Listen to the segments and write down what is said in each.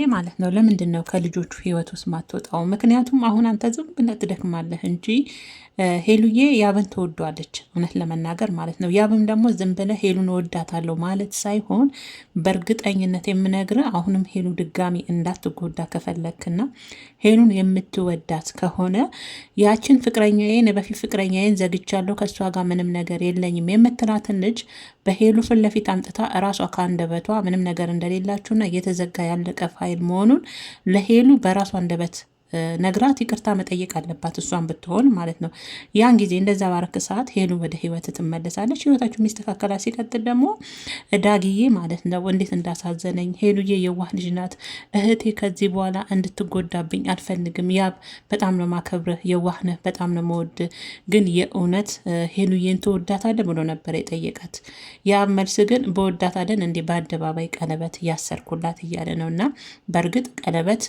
ይህ ማለት ነው። ለምንድን ነው ከልጆቹ ህይወት ውስጥ ማትወጣው? ምክንያቱም አሁን አንተ ዝም ብለህ ትደክማለህ እንጂ ሄሉዬ ያብን ትወዷለች፣ እውነት ለመናገር ማለት ነው። ያብም ደግሞ ዝም ብለህ ሄሉን እወዳታለሁ ማለት ሳይሆን በእርግጠኝነት የምነግርህ አሁንም ሄሉ ድጋሚ እንዳትጎዳ ከፈለክና ሄሉን የምትወዳት ከሆነ ያችን ፍቅረኛዬን በፊት ፍቅረኛዬን ዘግቻለሁ ከእሷ ጋር ምንም ነገር የለኝም የምትላትን ልጅ በሄሉ ፊት ለፊት አምጥታ እራሷ ከአንደበቷ ምንም ነገር እንደሌላችሁና እየተዘጋ ያለቀፋ ኃይል መሆኑን ለሄሉ በራሱ አንደበት ነግራት ይቅርታ መጠየቅ አለባት እሷን ብትሆን ማለት ነው። ያን ጊዜ እንደዛ ባረክ ሰዓት ሄሉ ወደ ህይወት ትመለሳለች። ህይወታችሁ የሚስተካከላ ሲቀጥል ደግሞ ዳግዬ ማለት ነው እንዴት እንዳሳዘነኝ ሄሉዬ የዋህ ልጅ ናት እህቴ። ከዚህ በኋላ እንድትጎዳብኝ አልፈልግም። ያብ በጣም ነው ማከብርህ፣ የዋህ ነህ፣ በጣም ነው መወድ። ግን የእውነት ሄሉዬን ትወዳታለህ ብሎ ነበር የጠየቃት ያብ። መልስ ግን በወዳታለን እንዲህ በአደባባይ ቀለበት እያሰርኩላት እያለ ነው እና በእርግጥ ቀለበት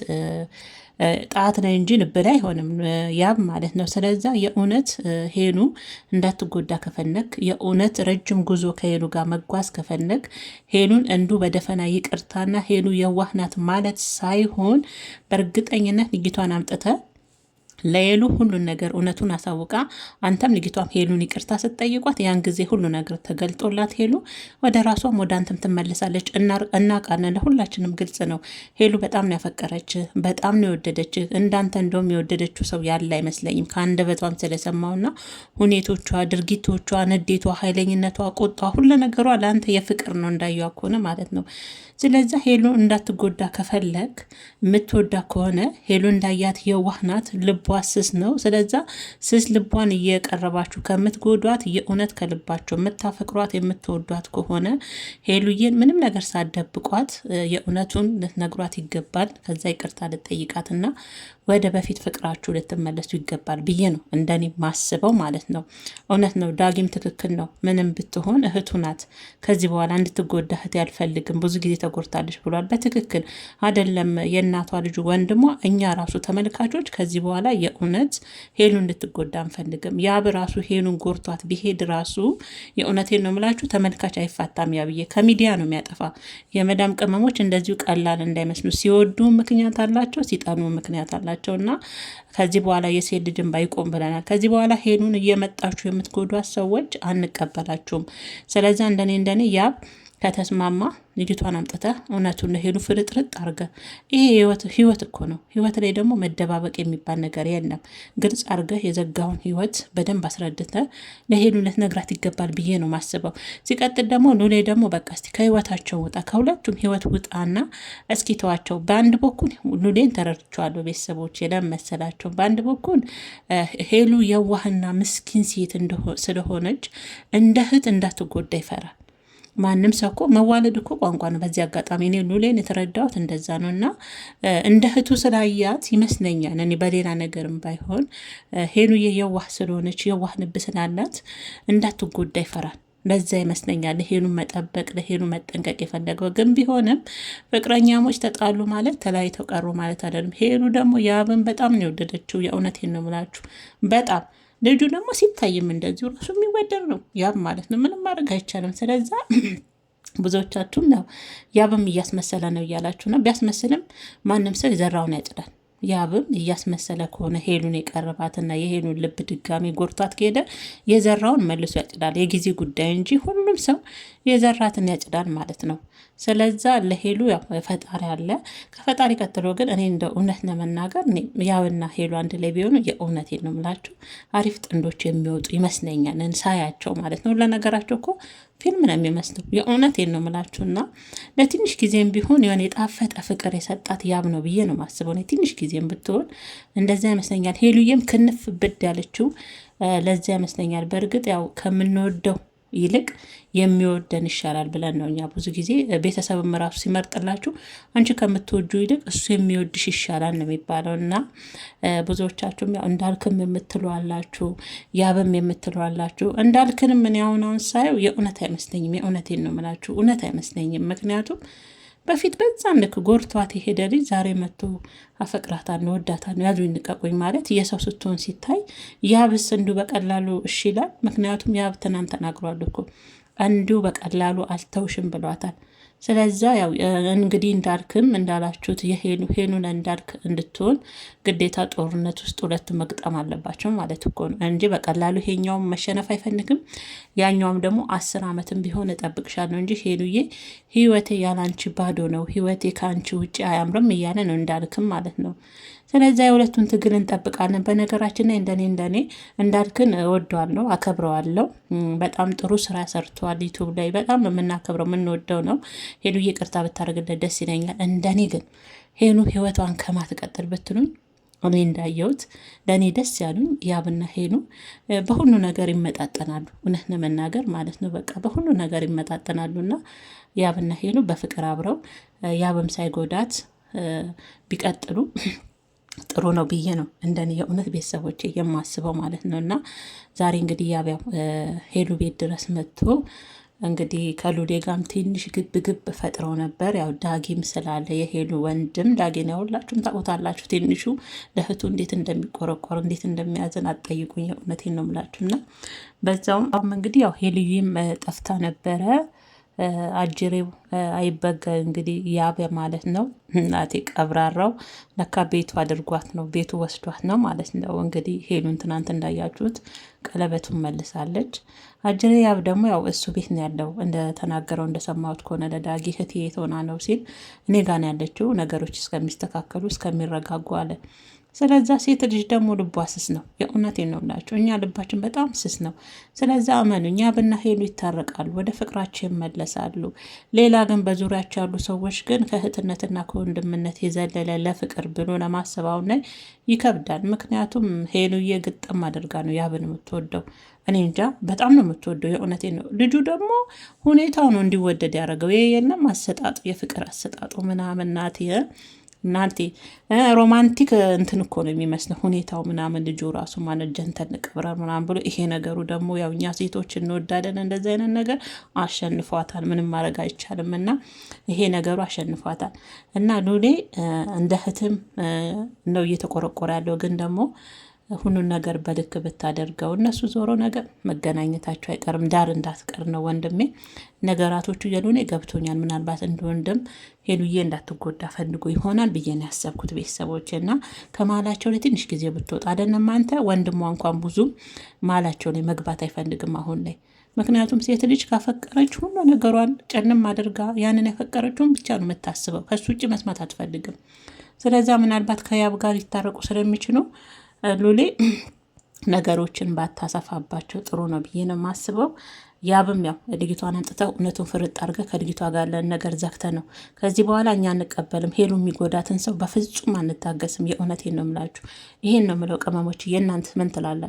ቅንጣት ነው እንጂ ልብን አይሆንም ያም ማለት ነው። ስለዛ የእውነት ሄኑ እንዳትጎዳ ከፈነግ የእውነት ረጅም ጉዞ ከሄኑ ጋር መጓዝ ከፈነግ ሄኑን እንዱ በደፈና ይቅርታና ሄኑ የዋህናት ማለት ሳይሆን በእርግጠኝነት ልጅቷን አምጥተ ለሄሉ ሁሉን ነገር እውነቱን አሳውቃ አንተም ልጅቷም ሄሉን ይቅርታ ስትጠይቋት ያን ጊዜ ሁሉ ነገር ተገልጦላት ሄሉ ወደ ራሷም ወደ አንተም ትመለሳለች። እናቃለን፣ ሁላችንም ግልጽ ነው። ሄሉ በጣም ነው ያፈቀረች፣ በጣም ነው የወደደች። እንዳንተ እንደውም የወደደችው ሰው ያለ አይመስለኝም። ከአንደበቷም ስለሰማውና ሁኔቶቿ፣ ድርጊቶቿ፣ ንዴቷ፣ ኃይለኝነቷ፣ ቁጣ፣ ሁለ ነገሯ ለአንተ የፍቅር ነው እንዳየዋ ከሆነ ማለት ነው። ስለዚ ሄሉ እንዳትጎዳ ከፈለግ የምትወዳ ከሆነ ሄሉ እንዳያት የዋህ ናት ልቧ ስስ ነው። ስለዛ ስስ ልቧን እየቀረባችሁ ከምትጎዷት የእውነት ከልባቸው የምታፈቅሯት የምትወዷት ከሆነ ሄሉዬን ምንም ነገር ሳደብቋት የእውነቱን ልትነግሯት ይገባል። ከዛ ይቅርታ ልጠይቃትና ወደ በፊት ፍቅራችሁ ልትመለሱ ይገባል ብዬ ነው እንደኔ ማስበው ማለት ነው። እውነት ነው፣ ዳጊም ትክክል ነው። ምንም ብትሆን እህቱ ናት። ከዚህ በኋላ እንድትጎዳ እህቴ አልፈልግም፣ ብዙ ጊዜ ተጎድታለች ብሏል። በትክክል አይደለም የእናቷ ልጁ ወንድሟ፣ እኛ ራሱ ተመልካቾች ከዚህ በኋላ የእውነት ሄሉ እንድትጎዳ አንፈልግም። ያብ ራሱ ሄሉን ጎርቷት ቢሄድ ራሱ የእውነቴን ነው የምላችሁ ተመልካች አይፋታም። ያብዬ ከሚዲያ ነው የሚያጠፋ። የመዳም ቅመሞች እንደዚሁ ቀላል እንዳይመስሉ፣ ሲወዱ ምክንያት አላቸው፣ ሲጠኑ ምክንያት አላቸው። እና ከዚህ በኋላ የሴት ልጅን ባይቆም ብለናል። ከዚህ በኋላ ሄሉን እየመጣችሁ የምትጎዷት ሰዎች አንቀበላችሁም። ስለዚ እንደኔ እንደኔ ያብ ከተስማማ ልጅቷን አምጥተ እውነቱን ሄዱ ፍርጥርጥ አርገ ይሄ ህይወት እኮ ነው። ህይወት ላይ ደግሞ መደባበቅ የሚባል ነገር የለም። ግልጽ አርገ የዘጋውን ህይወት በደንብ አስረድተ ለሄዱ ልትነግራት ይገባል ብዬ ነው ማስበው። ሲቀጥል ደግሞ ሉሌ ደግሞ በቃ እስቲ ከህይወታቸው ውጣ፣ ከሁለቱም ህይወት ውጣና እስኪ ተዋቸው። በአንድ በኩል ሉሌን ተረድቼዋለሁ ቤተሰቦች መሰላቸው። በአንድ በኩል ሄሉ የዋህና ምስኪን ሴት ስለሆነች እንደ እህት እንዳትጎዳ ይፈራል። ማንም ሰው እኮ መዋለድ እኮ ቋንቋ ነው። በዚህ አጋጣሚ እኔ ሉሌን የተረዳሁት እንደዛ ነው እና እንደ እህቱ ስላያት ይመስለኛል። እኔ በሌላ ነገርም ባይሆን ሄሉዬ የዋህ ስለሆነች የዋህ ልብ ስላላት እንዳትጎዳ ይፈራል። ለዛ ይመስለኛል ለሄሉን መጠበቅ ለሄሉ መጠንቀቅ የፈለገው። ግን ቢሆንም ፍቅረኛሞች ተጣሉ ማለት ተለያይተው ቀሩ ማለት አይደለም። ሄሉ ደግሞ የአብን በጣም ነው የወደደችው። የእውነቴን ነው የምላችሁ በጣም ልጁ ደግሞ ሲታይም እንደዚሁ ራሱ የሚወደድ ነው። ያብ ማለት ነው። ምንም ማድረግ አይቻልም። ስለዛ ብዙዎቻችሁም ያብም እያስመሰለ ነው እያላችሁ ነው። ቢያስመስልም ማንም ሰው የዘራውን ያጭዳል። ያብም እያስመሰለ ከሆነ ሄሉን የቀረባትና የሄሉን ልብ ድጋሚ ጎርቷት ከሄደ የዘራውን መልሶ ያጭዳል። የጊዜ ጉዳይ እንጂ ሁሉም ሰው የዘራትን ያጭዳል ማለት ነው። ስለዛ ለሄሉ ፈጣሪ አለ። ከፈጣሪ ቀጥሎ ግን እኔ እንደ እውነት ለመናገር ያብና ሄሉ አንድ ላይ ቢሆኑ የእውነት ነው የምላችሁ አሪፍ ጥንዶች የሚወጡ ይመስለኛል ሳያቸው ማለት ነው። ለነገራቸው እኮ ፊልም ነው የሚመስለው። የእውነቴን ነው የምላችሁ እና ለትንሽ ጊዜም ቢሆን የሆነ የጣፈጠ ፍቅር የሰጣት ያብ ነው ብዬ ነው ማስበው። ትንሽ ጊዜም ብትሆን እንደዚያ ይመስለኛል። ሄሉዬም ክንፍ ብድ ያለችው ለዚያ ይመስለኛል። በእርግጥ ያው ከምንወደው ይልቅ የሚወደን ይሻላል ብለን ነው እኛ ብዙ ጊዜ ቤተሰብም ራሱ ሲመርጥላችሁ አንቺ ከምትወጁ ይልቅ እሱ የሚወድሽ ይሻላል ነው የሚባለው። እና ብዙዎቻችሁም ያው እንዳልክም የምትሏላችሁ፣ ያብም የምትሏላችሁ። እንዳልክንም እኔ አሁን አሁን ሳየው የእውነት አይመስለኝም። የእውነቴን ነው የምላችሁ፣ እውነት አይመስለኝም ምክንያቱም በፊት በዛም ልክ ጎርቷት የሄደ ልጅ ዛሬ መቶ አፈቅራታ ነው ወዳታ ነው ያዙኝ ልቀቁኝ ማለት የሰው ስትሆን ሲታይ ያብስ እንዱ በቀላሉ እሺ ይላል። ምክንያቱም ያብ ትናንት ተናግሯል እኮ እንዲሁ በቀላሉ አልተውሽም ብሏታል። ስለዛ ያው እንግዲህ እንዳልክም እንዳላችሁት የሄኑን እንዳልክ እንድትሆን ግዴታ ጦርነት ውስጥ ሁለት መግጠም አለባቸው ማለት እኮ ነው እንጂ በቀላሉ ይሄኛውም መሸነፍ አይፈልግም፣ ያኛውም ደግሞ አስር ዓመትም ቢሆን እጠብቅሻለሁ እንጂ ሄኑዬ ህይወቴ ያላንቺ ባዶ ነው፣ ህይወቴ ከአንቺ ውጭ አያምርም እያለ ነው እንዳልክም ማለት ነው። ስለዚያ የሁለቱን ትግል እንጠብቃለን። በነገራችን ላይ እንደኔ እንደኔ እንዳልክን እወደዋለሁ፣ አከብረዋለሁ። በጣም ጥሩ ስራ ሰርተዋል። ዩቱብ ላይ በጣም የምናከብረው የምንወደው ነው። ሄሉ ይቅርታ ብታደርግለት ደስ ይለኛል። እንደኔ ግን ሄሉ ህይወቷን ከማትቀጥል ብትሉኝ እኔ እንዳየሁት ለእኔ ደስ ያሉኝ ያብና ሄሉ በሁሉ ነገር ይመጣጠናሉ። እውነት ለመናገር ማለት ነው በቃ በሁሉ ነገር ይመጣጠናሉና ያብና ሄሉ በፍቅር አብረው ያብም ሳይጎዳት ቢቀጥሉ ጥሩ ነው ብዬ ነው እንደኔ የእውነት ቤተሰቦች የማስበው ማለት ነው። እና ዛሬ እንግዲህ ያቢያው ሄሉ ቤት ድረስ መጥቶ እንግዲህ ከሉሌ ጋም ትንሽ ግብ ግብ ፈጥረው ነበር። ያው ዳጊም ስላለ የሄሉ ወንድም ዳጊን ነው፣ ሁላችሁም ታውቁታላችሁ። ትንሹ ለእህቱ እንዴት እንደሚቆረቆር እንዴት እንደሚያዝን አትጠይቁኝ። የእውነቴን ነው የምላችሁ። እና በዛውም እንግዲህ ያው ሄሉዬም ጠፍታ ነበረ አጅሬው አይበገር እንግዲህ ያበ ማለት ነው። እናቴ ቀብራራው ለካ ቤቱ አድርጓት ነው ቤቱ ወስዷት ነው ማለት ነው። እንግዲህ ሄሉን ትናንት እንዳያችሁት ቀለበቱን መልሳለች። አጅሬ ያብ ደግሞ ያው እሱ ቤት ነው ያለው እንደተናገረው እንደሰማሁት ከሆነ ለዳጊ እህቴ የት ሆና ነው ሲል እኔ ጋን ያለችው ነገሮች እስከሚስተካከሉ እስከሚረጋጉ አለ። ስለዛ ሴት ልጅ ደግሞ ልቧ ስስ ነው። የእውነት ነው እኛ ልባችን በጣም ስስ ነው። ስለዛ እኛ ብና ሄሉ ይታረቃሉ፣ ወደ ፍቅራቸው ይመለሳሉ። ሌላ ግን በዙሪያቸው ያሉ ሰዎች ግን ከእህትነትና ከወንድምነት የዘለለ ለፍቅር ብሎ ለማሰባው አሁን ላይ ይከብዳል። ምክንያቱም ሄሉዬ ግጥም አድርጋ ነው ያብን የምትወደው። እኔ እንጃ በጣም ነው የምትወደው። የእውነቴ ነው። ልጁ ደግሞ ሁኔታው ነው እንዲወደድ ያደረገው። ይህ የለም አሰጣጡ፣ የፍቅር አሰጣጡ ምናምን ናት እናንቴ ሮማንቲክ እንትን እኮ ነው የሚመስለው ሁኔታው ምናምን ልጁ ራሱ ማለት ጀንተን ቅብረር ምናምን ብሎ ይሄ ነገሩ ደግሞ ያው እኛ ሴቶች እንወዳለን እንደዚህ አይነት ነገር አሸንፏታል። ምንም ማድረግ አይቻልም። እና ይሄ ነገሩ አሸንፏታል። እና ሉሌ እንደ ህትም ነው እየተቆረቆረ ያለው ግን ደግሞ ሁሉን ነገር በልክ ብታደርገው እነሱ ዞሮ ነገር መገናኘታቸው አይቀርም። ዳር እንዳትቀር ነው ወንድሜ። ነገራቶቹ የሉኔ ገብቶኛል። ምናልባት እንደ ወንድም ሄሉዬ እንዳትጎዳ ፈልጎ ይሆናል ብዬ ነው ያሰብኩት። ቤተሰቦች እና ከመሀላቸው ላይ ትንሽ ጊዜ ብትወጣ አይደለም አንተ ወንድሟ እንኳን ብዙም መሀላቸው ላይ መግባት አይፈልግም አሁን ላይ ምክንያቱም ሴት ልጅ ካፈቀረች ሁሉ ነገሯን ጨንም አድርጋ ያንን ያፈቀረችውን ብቻ ነው የምታስበው። ከሱ ውጭ መስማት አትፈልግም። ስለዛ ምናልባት ከያብ ጋር ሊታረቁ ስለሚችሉ ሉሌ ነገሮችን ባታሰፋባቸው ጥሩ ነው ብዬ ነው የማስበው። ያብም ያው ድጊቷን አንጥተው እውነቱን ፍርጥ አርገ ከድጊቷ ጋር ያለን ነገር ዘግተ ነው። ከዚህ በኋላ እኛ አንቀበልም። ሄሉ የሚጎዳትን ሰው በፍጹም አንታገስም። የእውነቴን ነው የምላችሁ። ይሄን ነው የምለው ቅመሞች፣ የእናንተ ምን ትላላችሁ?